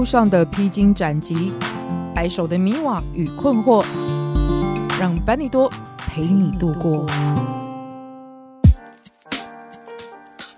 路上的披荊斬棘，白首的迷惘與困惑，讓班尼多陪你度過。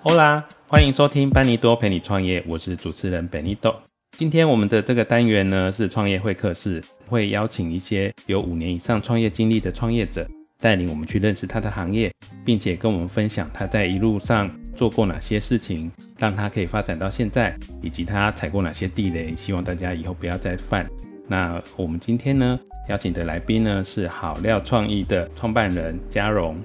好啦，歡迎收聽班尼多陪你創業，我是主持人班尼多。今天我們的這個單元呢，是創業會客室，會邀請一些有五年以上創業經歷的創業者，帶領我們去認識他的行業，並且跟我們分享他在一路上。做過哪些事情，讓它可以發展到現在，以及它踩過哪些地雷？希望大家以後不要再犯。那我們今天呢，邀請的來賓呢是好料創意的創辦人嘉蓉。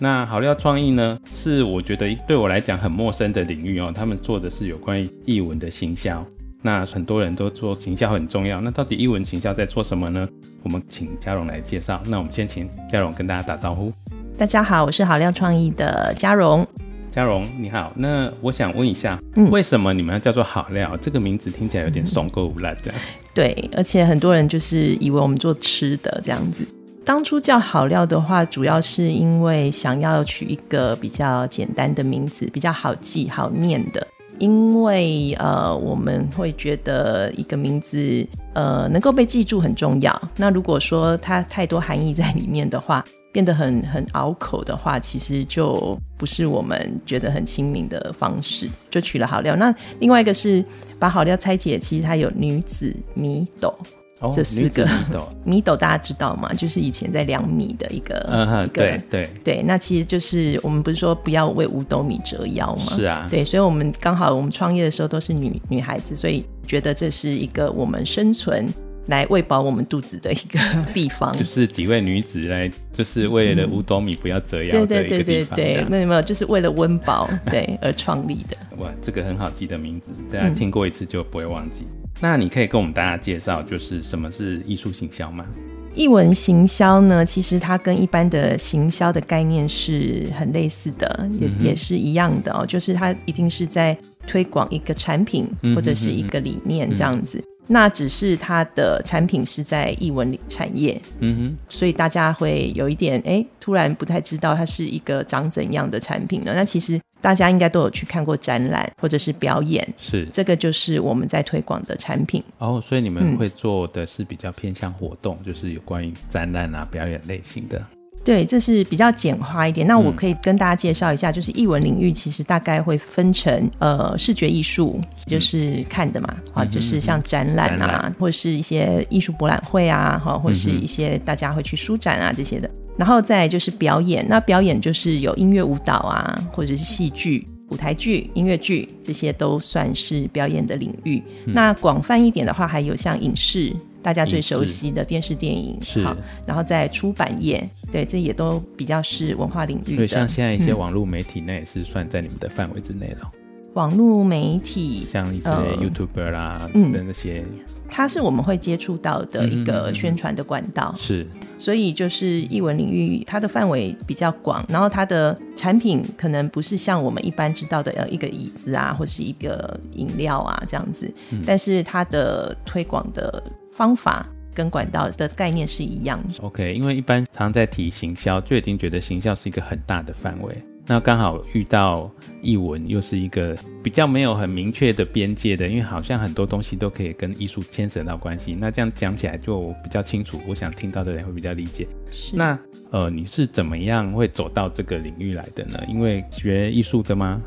那好料創意呢，是我覺得對我來講很陌生的領域哦。他們做的是有關於藝文的行銷。那很多人都說行銷很重要，那到底藝文行銷在做什麼呢？我們請嘉蓉來介紹。那我們先請嘉蓉跟大家打招呼。大家好，我是好料創意的嘉蓉。嘉蓉，你好。那我想問一下，嗯、為什麼你們要叫做「好料」？這個名字聽起來有點俗，夠無賴的。對，而且很多人就是以為我們做吃的這樣子。當初叫「好料」的話，主要是因為想要取一個比較簡單的名字，比較好記、好念的。因為呃，我們會覺得一個名字呃能夠被記住很重要。那如果說它太多含義在裡面的話，變得很很拗口的話，其實就不是我們覺得很親民的方式，就取了好料。那另外一個是把好料拆解，其實它有女子米斗、哦、這四個米斗。 米斗大家知道嗎？就是以前在量米的一個，嗯、一個對對對。那其實就是我們不是說不要為五斗米折腰嗎？是啊，對，所以我們剛好我們創業的時候都是女女孩子，所以覺得這是一個我們生存，來餵飽我們肚子的一個地方， 就是幾位女子來，就是為了五斗米不要折腰的一個地方。對，對，對，對，對，對，對，沒有沒有，就是為了溫飽 對而創立的。哇，這個很好記的名字，大家聽過一次就不會忘記。嗯、那你可以跟我們大家介紹，就是什麼是藝術行銷嗎？藝文行銷呢，其實它跟一般的行銷的概念是很類似的，也也是一樣的哦、嗯。就是它一定是在推廣一個產品或者是一個理念、嗯、哼哼這樣子。嗯那只是它的產品是在藝文產業，嗯哼，所以大家會有一點誒、欸，突然不太知道它是一個長怎樣的產品呢？那其實大家應該都有去看過展覽或者是表演，是這個就是我們在推廣的產品哦，所以你們會做的是比較偏向活動，嗯、就是有關於展覽啊表演類型的。對，這是比較簡化一點。那我可以跟大家介紹一下，嗯、就是藝文領域其實大概會分成呃視覺藝術、嗯，就是看的嘛，啊、嗯，就是像展覽啊、嗯嗯展覽，或者是一些藝術博覽會啊，哈，或者是一些大家會去書展啊、嗯、這些的。然後再就是表演，那表演就是有音樂舞蹈啊，或者是戲劇、舞台劇、音樂劇這些都算是表演的領域。嗯、那廣泛一點的話，還有像影視。大家最熟悉的電視電影，是好，然後在出版業，對，這也都比較是文化領域，所以像現在一些網絡媒體，那也是算在你們的範圍之內了、哦嗯。網絡媒體，像一些 YouTuber 啦、啊呃，嗯，那些，它是我們會接觸到的一個宣傳的管道嗯嗯嗯。是，所以就是藝文領域，它的範圍比較廣，然後它的產品可能不是像我們一般知道的呃一個椅子啊，或是一個飲料啊這樣子，嗯、但是它的推廣的。方法跟管道的概念是一樣的。OK，因為一般常在提行銷，就已經覺得行銷是一個很大的範圍。那剛好遇到藝文，又是一個比較沒有很明確的邊界的，因為好像很多東西都可以跟藝術牽扯到關係。那這樣講起來就比較清楚，我想聽到的人會比較理解。是。那呃，你是怎麼樣會走到這個領域來的呢？因為學藝術的嗎？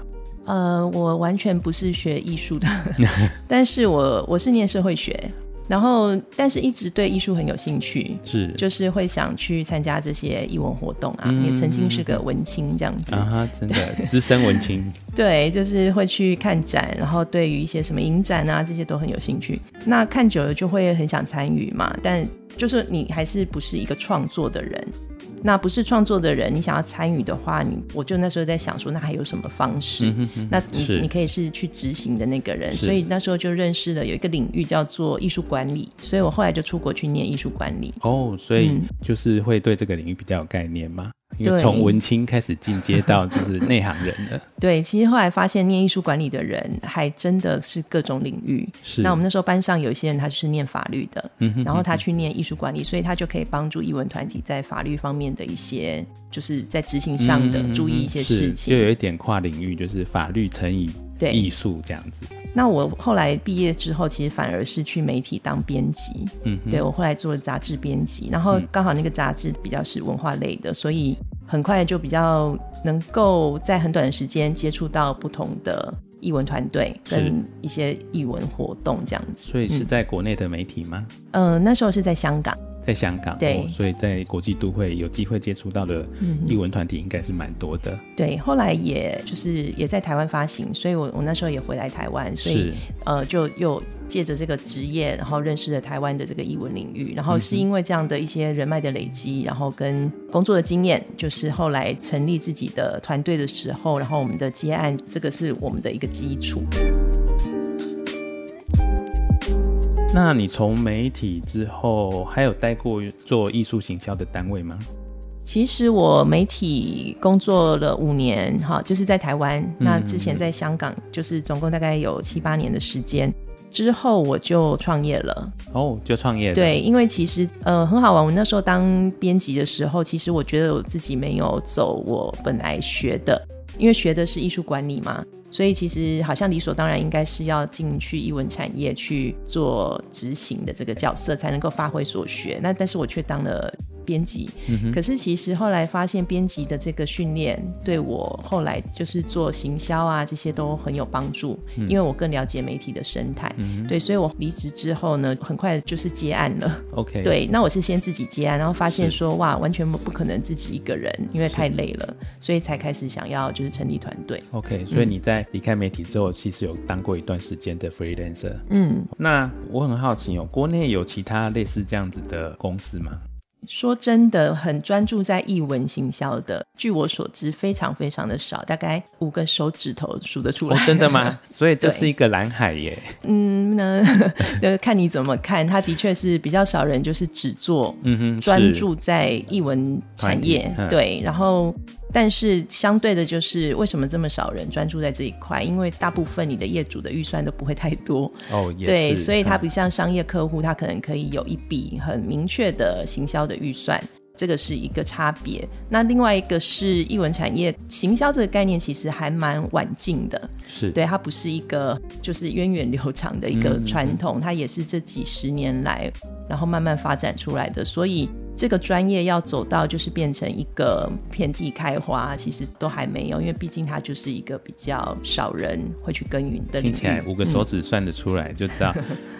呃，我完全不是學藝術的， 但是我我是念社會學。然後，但是一直對藝術很有興趣，是就是會想去參加這些藝文活動啊，也、嗯、曾經是個文青這樣子啊，真的資深文青，對，就是會去看展，然後對於一些什麼影展啊這些都很有興趣，那看久了就會很想參與嘛，但就是你還是不是一個創作的人。那不是創作的人，你想要參與的話，你我就那時候在想說，那還有什麼方式？嗯、哼哼那你你可以是去執行的那個人，所以那時候就認識了有一個領域叫做藝術管理，所以我後來就出國去念藝術管理。哦，所以、嗯、就是會對這個領域比較有概念嗎？因為從文青開始進階到就是內行人的，對，其實後來發現念藝術管理的人還真的是各種領域。是，那我們那時候班上有一些人，他就是念法律的，嗯哼嗯哼，然後他去念藝術管理，所以他就可以幫助藝文團體在法律方面的一些，就是在執行上的注意一些事情，嗯嗯嗯，就有一點跨領域，就是法律乘以。藝術這樣子。那我後來畢業之後，其實反而是去媒體當編輯。嗯哼，對，我後來做雜誌編輯，然後剛好那個雜誌比較是文化類的，嗯，所以很快就比較能夠在很短的時間接觸到不同的藝文團隊跟一些藝文活動這樣子。嗯，所以是在國內的媒體嗎？嗯，呃，那時候是在香港。在香港，對、哦，所以在國際都會有機會接觸到的藝文團體應該是蠻多的。對，後來也就是也在台灣發行，所以我我那時候也回來台灣，所以呃就又借着這個職業，然後認識了台灣的這個藝文領域。然後是因為這樣的一些人脈的累積、嗯，然後跟工作的經驗，就是後來成立自己的團隊的時候，然後我們的接案這個是我們的一個基礎。那你從媒體之後還有待過做藝術行銷的單位嗎？其實我媒體工作了五年、嗯，哈，就是在台灣、嗯嗯。那之前在香港就是總共大概有七八年的時間，之後我就創業了。哦，就創業了。對，因為其實呃很好玩。我那時候當編輯的時候，其實我覺得我自己沒有走我本來學的，因為學的是藝術管理嘛。所以其實好像理所當然，應該是要進去藝文產業去做執行的這個角色，才能夠發揮所學。那但是我卻當了。編輯、嗯，可是其實後來發現，編輯的這個訓練對我後來就是做行銷啊這些都很有幫助、嗯，因為我更了解媒體的生態、嗯，對，所以我離職之後呢，很快就是接案了。OK，對，那我是先自己接案，然後發現說哇，完全不可能自己一個人，因為太累了，所以才開始想要就是成立團隊。OK，嗯、所以你在離開媒體之後，其實有當過一段時間的 freelancer。嗯，那我很好奇哦，國內有其他類似這樣子的公司嗎？說真的，很專注在藝文行銷的，據我所知，非常非常的少，大概五個手指頭數得出來。哦，真的嗎？ 所以這是一個藍海耶。嗯，那 看你怎麼看，他的確是比較少人，就是只做，專注在藝文產業。嗯，對，然後。嗯但是相對的，就是為什麼這麼少人專注在這一塊？因為大部分你的業主的預算都不會太多哦，也，對，所以它不像商業客戶，嗯，他可能可以有一筆很明確的行銷的預算，這個是一個差別。那另外一個是藝文產業行銷這個概念，其實還蠻晚近的，是對它不是一個就是源遠流長的一個傳統，它、嗯嗯嗯、也是這幾十年來然後慢慢發展出來的，所以。這個專業要走到就是變成一個遍地開花，其實都還沒有，因為畢竟它就是一個比較少人會去耕耘的。聽起來五個手指算得出來，嗯，就知道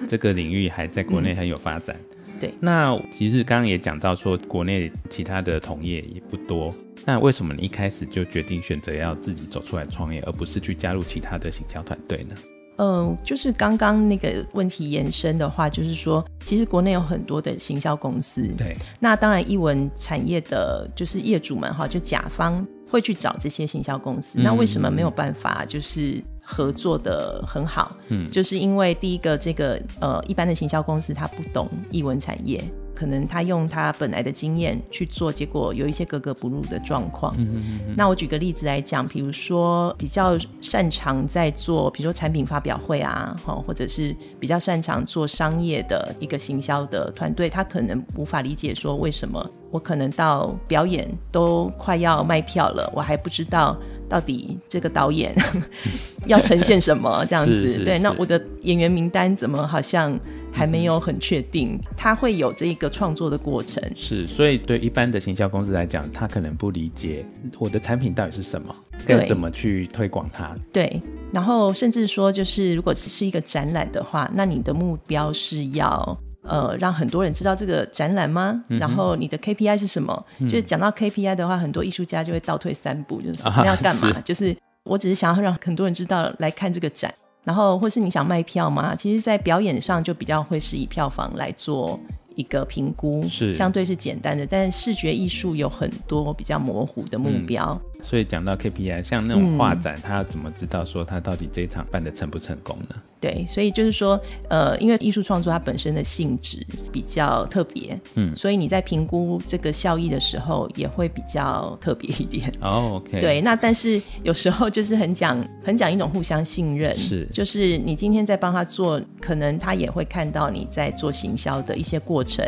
這個領域還在國內很有發展，嗯。對，那其實剛剛也講到說，國內其他的同業也不多。那為什麼你一開始就決定選擇要自己走出來創業，而不是去加入其他的行銷團隊呢？嗯、呃，就是剛剛那個問題延伸的話，就是說，其實國內有很多的行銷公司。對，那當然藝文產業的，就是業主們哈，就甲方會去找這些行銷公司。嗯。那為什麼沒有辦法就是合作得很好？嗯，就是因為第一個，這個呃，一般的行銷公司他不懂藝文產業。可能他用他本來的經驗去做，結果有一些格格不入的狀況。嗯嗯。那我舉個例子來講，比如說比較擅長在做，比如說產品發表會啊，或者是比較擅長做商業的一個行銷的團隊，他可能無法理解說，為什麼我可能到表演都快要賣票了，我還不知道到底這個導演 要呈現什麼這樣子 是是是是。對，那我的演員名單怎麼好像？還沒有很確定，他會有這一個創作的過程。是，所以對一般的行銷公司來講，他可能不理解我的產品到底是什麼，要怎麼去推廣它。對，然後甚至說，就是如果只是一個展覽的話，那你的目標是要呃讓很多人知道這個展覽嗎？嗯？然後你的 KPI 是什麼？嗯、就是講到 KPI 的話，很多藝術家就會倒退三步，就是、啊、你要幹嘛？就是我只是想要讓很多人知道來看這個展。然後，或是你想賣票嗎？其實，在表演上就比較會是以票房來做一個評估，是相對是簡單的。但視覺藝術有很多比較模糊的目標。嗯。所以講到 KPI，像那種畫展、嗯，他怎麼知道說他到底這一場辦得成不成功呢？對，所以就是說，呃，因為藝術創作它本身的性質比較特別，嗯，所以你在評估這個效益的時候也會比較特別一點。哦，OK。對，那但是有時候就是很講很講一種互相信任，是，就是你今天在幫他做，可能他也會看到你在做行銷的一些過程，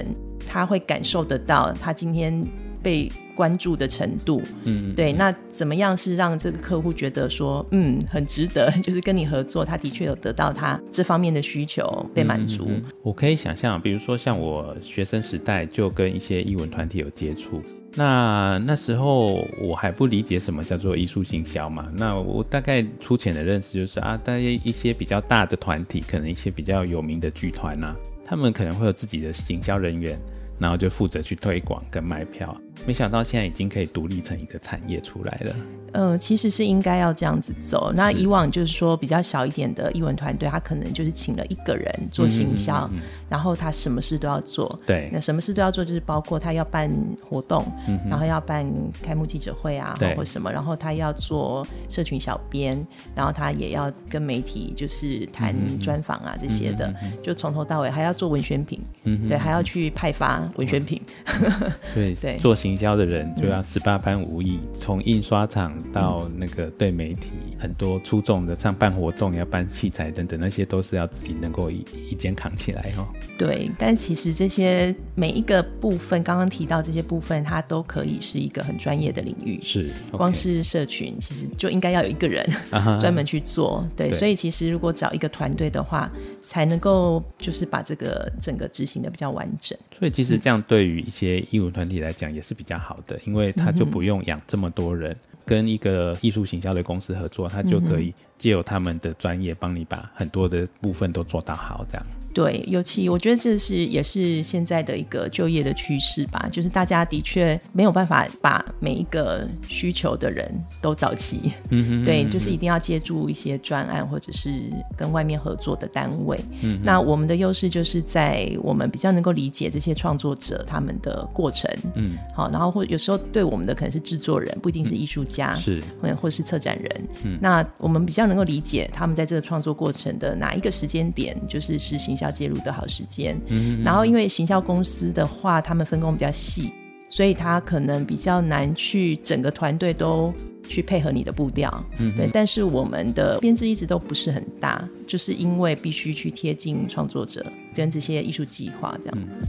他會感受得到，他今天被關注的程度，嗯，對，那怎麼樣是讓這個客戶覺得說，嗯，很值得，就是跟你合作，他的確有得到他這方面的需求被滿足。嗯，我可以想象，比如說像我學生時代就跟一些藝文團體有接觸，那那時候我還不理解什麼叫做藝術行銷嘛，那我大概粗淺的認識就是啊，大家一些比較大的團體，可能一些比較有名的劇團吶，他們可能會有自己的行銷人員。然後就負責去推廣跟賣票，沒想到現在已經可以獨立成一個產業出來了。嗯，其實是應該要這樣子走。那以往就是說比較小一點的藝文團隊，他可能就是請了一個人做行銷，嗯嗯嗯嗯，然後他什麼事都要做。對，那什麼事都要做，就是包括他要辦活動，嗯嗯嗯，然後要辦開幕記者會啊，或什麼，然後他要做社群小編，然後他也要跟媒體就是談專訪啊這些的，嗯嗯嗯嗯嗯，就從頭到尾還要做文宣品，嗯嗯嗯嗯，對，還要去派發。文宣品、嗯，對， 對做行銷的人就要十八般武藝，從、嗯、印刷廠到那個對媒體，很多出眾的，像辦活動要辦器材等等，那些都是要自己能夠一一肩扛起來哦。對，但其實這些每一個部分，剛剛提到這些部分，它都可以是一個很專業的領域。是，okay，光是社群其實就應該要有一個人專、啊、門去做對。對，所以其實如果找一個團隊的話，才能夠就是把這個整個執行的比較完整，所以其實這樣對於一些藝文團體來講也是比較好的。嗯、因為他就不用養這麼多人，嗯、跟一個藝術行銷的公司合作，他就可以借由他們的專業幫你把很多的部分都做到好，這樣。對，尤其我覺得這是也是現在的一個就業的趨勢吧，就是大家的確沒有辦法把每一個需求的人都找齊。嗯嗯，對，就是一定要借助一些專案或者是跟外面合作的單位。嗯，那我們的優勢就是在我們比較能夠理解這些創作者他們的過程，嗯，好，然後或者有時候對我們的可能是制作人，不一定是藝術家，嗯，是，或者或是策展人，嗯，那我們比較能夠理解他們在這個創作過程的哪一個時間點，就是實行。要介入的好時間，嗯，然後因為行銷公司的話，他們分工比較細，所以他可能比較難去整個團隊都去配合你的步調，嗯，對。但是我們的編制一直都不是很大，就是因為必須去貼近創作者跟這些藝術計劃這樣子。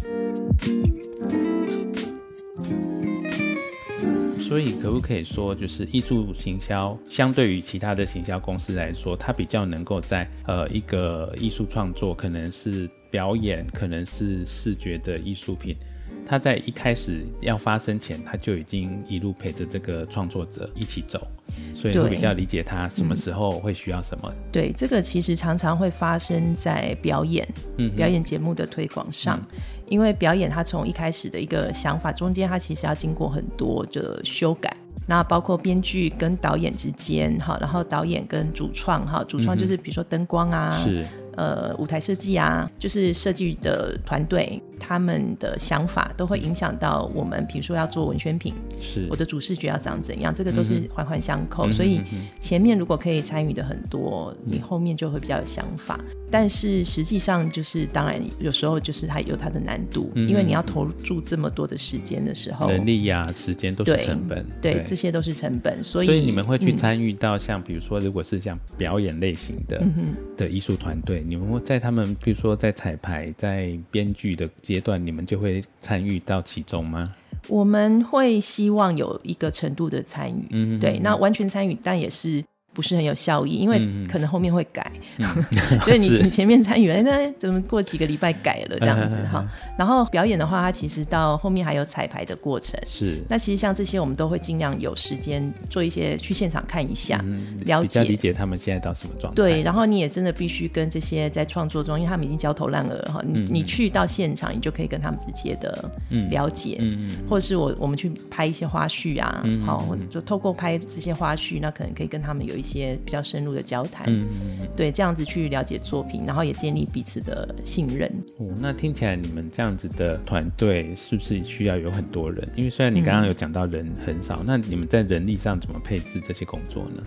嗯所以可不可以說，就是藝術行銷相對於其他的行銷公司來說，它比較能夠在呃一個藝術創作，可能是表演，可能是視覺的藝術品，它在一開始要發生前，它就已經一路陪着這個創作者一起走，所以會比較理解他什麼時候會需要什麼，對、嗯。對，這個其實常常會發生在表演，嗯，表演節目的推廣上。嗯因為表演，它從一開始的一個想法，中間它其實要經過很多的修改。那包括編劇跟導演之間，哈，然後導演跟主創，哈，主創就是比如說燈光啊，是、嗯，呃，舞台設計啊，就是設計的團隊。他們的想法都會影響到我們，比如說要做文宣品，是我的主視覺要長怎樣，這個都是環環相扣。嗯、所以前面如果可以參與的很多，嗯，你後面就會比較有想法。但是實際上就是，當然有時候就是它有它的難度，嗯，因為你要投注這麼多的時間的時候，人力呀、啊、時間都是成本對對，對，這些都是成本。所以，所以你們會去參與到像、嗯、比如說，如果是像表演類型的、嗯、的藝術團隊，你們會在他們比如說在彩排、在編劇的。階段你們就會參與到其中嗎？我們會希望有一個程度的參與，嗯哼哼，對，那完全參與，但也是。不是很有效益，因為可能後面會改，所、嗯、以 你你前面參與，哎，怎麼過幾個禮拜改了這樣子哈、嗯嗯？然後表演的話，它其實到後面還有彩排的過程。是，那其實像這些，我們都會盡量有時間做一些去現場看一下，嗯、了解，比較理解他們現在到什麼狀態。對，然後你也真的必須跟這些在創作中，因為他們已經焦頭爛額了哈。你、嗯、你去到現場，你就可以跟他們直接的了解，嗯、或者是我我們去拍一些花絮啊，嗯、好，就、嗯、透過拍這些花絮，那可能可以跟他們有一。一些比較深入的交談，嗯，對，這樣子去了解作品，然後也建立彼此的信任。哦，那聽起來你們這樣子的團隊是不是需要有很多人？因為雖然你剛剛有講到人很少，嗯，那你們在人力上怎麼配置這些工作呢？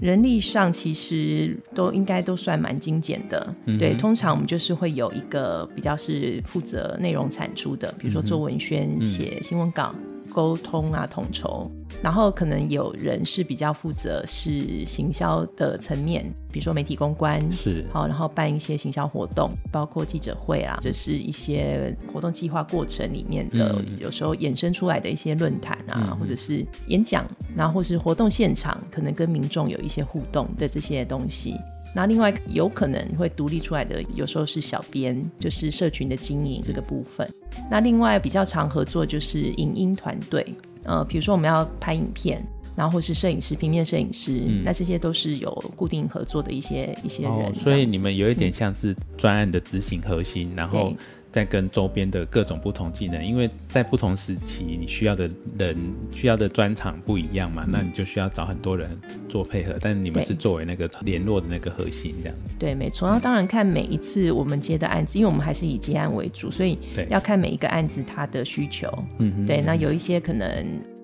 人力上其實都應該都算蠻精簡的，嗯。對，通常我們就是會有一個比較是負責內容產出的，比如說做文宣、寫、嗯、新聞稿。嗯溝通啊，統籌，然後可能有人是比較負責是行銷的層面，比如說媒體公關，是好，然後辦一些行銷活動，包括記者會啊，這、就是一些活動計劃過程裡面的、嗯，有時候衍生出來的一些論壇啊，嗯、或者是演講，然後或是活動現場，可能跟民眾有一些互動的這些東西。那另外有可能會獨立出來的，有時候是小編，就是社群的經營這個部分。那另外比較常合作就是影音團隊，呃，比如說我們要拍影片。然後或是攝影師、平面攝影師、嗯，那這些都是有固定合作的一些一些人，哦。所以你們有一點像是專案的執行核心，嗯，然後再跟周邊的各種不同技能，因為在不同時期你需要的人需要的專長不一樣嘛，嗯，那你就需要找很多人做配合。但你們是作為那個聯絡的那個核心，這樣子。對，對沒錯。然後，嗯，當然看每一次我們接的案子，因為我們還是以接案為主，所以要看每一個案子它的需求。嗯，對嗯嗯。那有一些可能，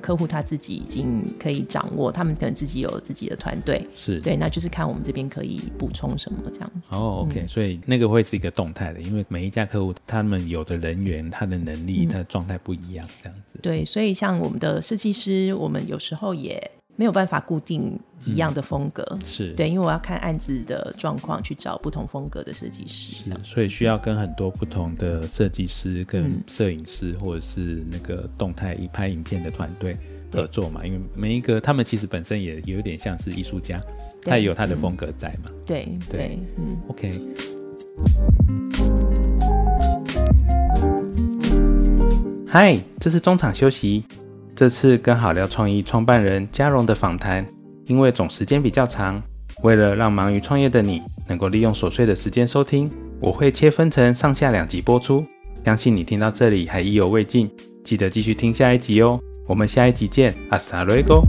客戶他自己已經可以掌握，他們可能自己有自己的團隊，是，對，那就是看我們這邊可以補充什麼這樣子。哦，oh，OK，嗯，所以那個會是一個動態的，因為每一家客戶他們有的人員他的能力、嗯、他的狀態不一樣，這樣子。對，所以像我們的設計師，我們有時候也。沒有辦法固定一樣的風格，嗯、是對，因為我要看案子的狀況去找不同風格的設計師，是所以需要跟很多不同的設計師、跟攝影師或者是那個動態一拍影片的團隊合作嘛，嗯、因為每一個他們其實本身也有點像是藝術家，他也有他的風格在嘛，嗯、對對，對，嗯，OK。嗨，這是中場休息。這次跟好料創意創辦人嘉蓉的訪談，因為總時間比較長，為了讓忙於創業的你能夠利用瑣碎的時間收聽，我會切分成上下兩集播出。相信你聽到這裡還意猶未盡，記得繼續聽下一集哦。我們下一集見，hasta luego